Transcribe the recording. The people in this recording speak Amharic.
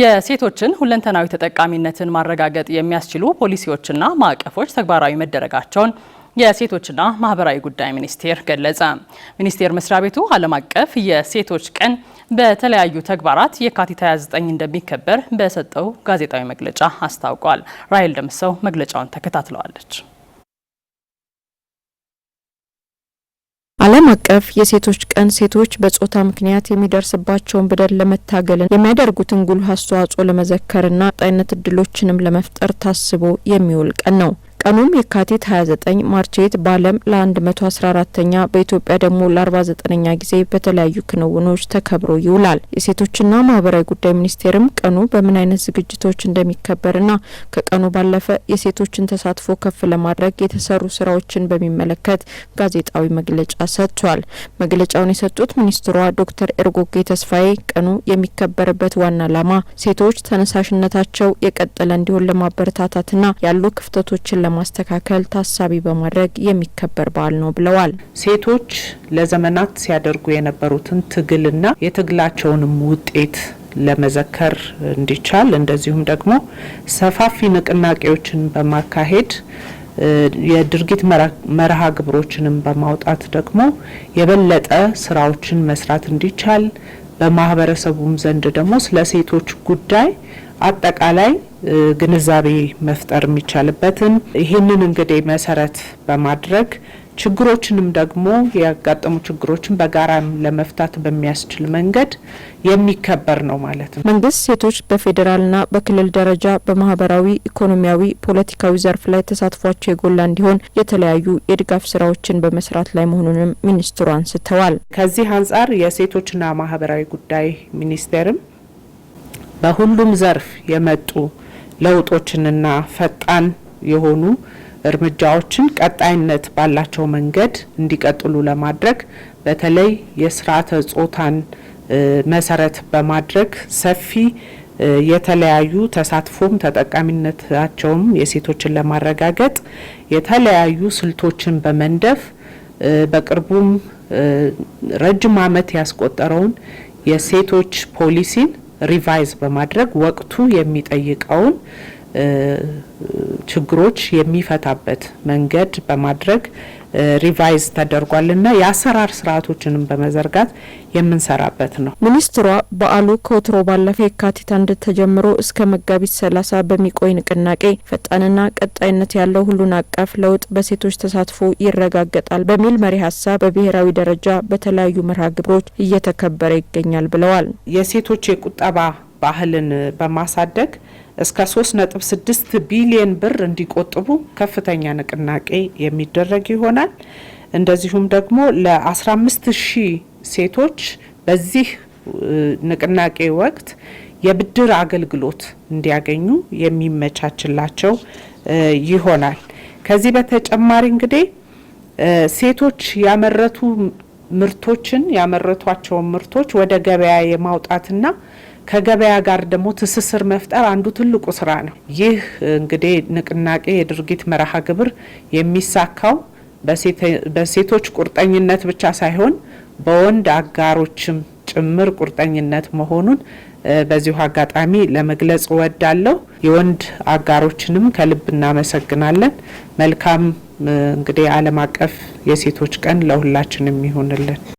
የሴቶችን ሁለንተናዊ ተጠቃሚነትን ማረጋገጥ የሚያስችሉ ፖሊሲዎችና ማዕቀፎች ተግባራዊ መደረጋቸውን የሴቶችና ማህበራዊ ጉዳይ ሚኒስቴር ገለጸ። ሚኒስቴር መስሪያ ቤቱ ዓለም አቀፍ የሴቶች ቀን በተለያዩ ተግባራት የካቲት 29 እንደሚከበር በሰጠው ጋዜጣዊ መግለጫ አስታውቋል። ራይል ደምሰው መግለጫውን ተከታትለዋለች። ዓለም አቀፍ የሴቶች ቀን ሴቶች በጾታ ምክንያት የሚደርስባቸውን በደል ለመታገል የሚያደርጉትን ጉልህ አስተዋጽኦ ለመዘከርና ቀጣይነት እድሎችንም ለመፍጠር ታስቦ የሚውል ቀን ነው። ቀኑም የካቲት 29 ማርቼት በዓለም ለ114ኛ በኢትዮጵያ ደግሞ ለ49ኛ ጊዜ በተለያዩ ክንውኖች ተከብሮ ይውላል። የሴቶችና ማህበራዊ ጉዳይ ሚኒስቴርም ቀኑ በምን አይነት ዝግጅቶች እንደሚከበርና ከቀኑ ባለፈ የሴቶችን ተሳትፎ ከፍ ለማድረግ የተሰሩ ስራዎችን በሚመለከት ጋዜጣዊ መግለጫ ሰጥቷል። መግለጫውን የሰጡት ሚኒስትሯ ዶክተር ኤርጎጌ ተስፋዬ ቀኑ የሚከበርበት ዋና ዓላማ ሴቶች ተነሳሽነታቸው የቀጠለ እንዲሆን ለማበረታታትና ያሉ ክፍተቶችን ለማስተካከል ታሳቢ በማድረግ የሚከበር በዓል ነው ብለዋል። ሴቶች ለዘመናት ሲያደርጉ የነበሩትን ትግልና የትግላቸውንም ውጤት ለመዘከር እንዲቻል እንደዚሁም ደግሞ ሰፋፊ ንቅናቄዎችን በማካሄድ የድርጊት መርሃ ግብሮችንም በማውጣት ደግሞ የበለጠ ስራዎችን መስራት እንዲቻል በማህበረሰቡም ዘንድ ደግሞ ስለ ሴቶች ጉዳይ አጠቃላይ ግንዛቤ መፍጠር የሚቻልበትን ይህንን እንግዲህ መሰረት በማድረግ ችግሮችንም ደግሞ ያጋጠሙ ችግሮችን በጋራ ለመፍታት በሚያስችል መንገድ የሚከበር ነው ማለት ነው። መንግስት ሴቶች በፌዴራልና በክልል ደረጃ በማህበራዊ፣ ኢኮኖሚያዊ፣ ፖለቲካዊ ዘርፍ ላይ ተሳትፏቸው የጎላ እንዲሆን የተለያዩ የድጋፍ ስራዎችን በመስራት ላይ መሆኑንም ሚኒስትሩ አንስተዋል። ከዚህ አንጻር የሴቶችና ማህበራዊ ጉዳይ ሚኒስቴርም በሁሉም ዘርፍ የመጡ ለውጦችንና ፈጣን የሆኑ እርምጃዎችን ቀጣይነት ባላቸው መንገድ እንዲቀጥሉ ለማድረግ በተለይ የስርዓተ ጾታን መሰረት በማድረግ ሰፊ የተለያዩ ተሳትፎም ተጠቃሚነታቸውም የሴቶችን ለማረጋገጥ የተለያዩ ስልቶችን በመንደፍ በቅርቡም ረጅም ዓመት ያስቆጠረውን የሴቶች ፖሊሲን ሪቫይዝ በማድረግ ወቅቱ የሚጠይቀውን ችግሮች የሚፈታበት መንገድ በማድረግ ሪቫይዝ ተደርጓልና የአሰራር ስርዓቶችንም በመዘርጋት የምንሰራበት ነው። ሚኒስትሯ በዓሉ ከወትሮ ባለፈ የካቲት አንድ ተጀምሮ እስከ መጋቢት ሰላሳ በሚቆይ ንቅናቄ ፈጣንና ቀጣይነት ያለው ሁሉን አቀፍ ለውጥ በሴቶች ተሳትፎ ይረጋገጣል በሚል መሪ ሀሳብ በብሔራዊ ደረጃ በተለያዩ መርሃ ግብሮች እየተከበረ ይገኛል ብለዋል። የሴቶች የቁጠባ ባህልን በማሳደግ እስከ 3.6 ቢሊየን ብር እንዲቆጥቡ ከፍተኛ ንቅናቄ የሚደረግ ይሆናል። እንደዚሁም ደግሞ ለ15 ሺህ ሴቶች በዚህ ንቅናቄ ወቅት የብድር አገልግሎት እንዲያገኙ የሚመቻችላቸው ይሆናል። ከዚህ በተጨማሪ እንግዲህ ሴቶች ያመረቱ ምርቶችን ያመረቷቸውን ምርቶች ወደ ገበያ የማውጣትና ከገበያ ጋር ደግሞ ትስስር መፍጠር አንዱ ትልቁ ስራ ነው። ይህ እንግዲህ ንቅናቄ የድርጊት መርሃ ግብር የሚሳካው በሴቶች ቁርጠኝነት ብቻ ሳይሆን በወንድ አጋሮችም ጭምር ቁርጠኝነት መሆኑን በዚሁ አጋጣሚ ለመግለጽ እወዳለሁ። የወንድ አጋሮችንም ከልብ እናመሰግናለን። መልካም እንግዲህ ዓለም አቀፍ የሴቶች ቀን ለሁላችንም ይሁንልን።